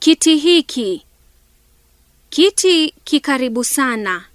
Kiti hiki. Kiti kikaribu sana.